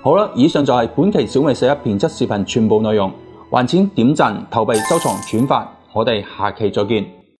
好啦，以上就係本期小米十一評測視頻全部內容，還請點贊、投幣、收藏、轉發，我哋下期再見。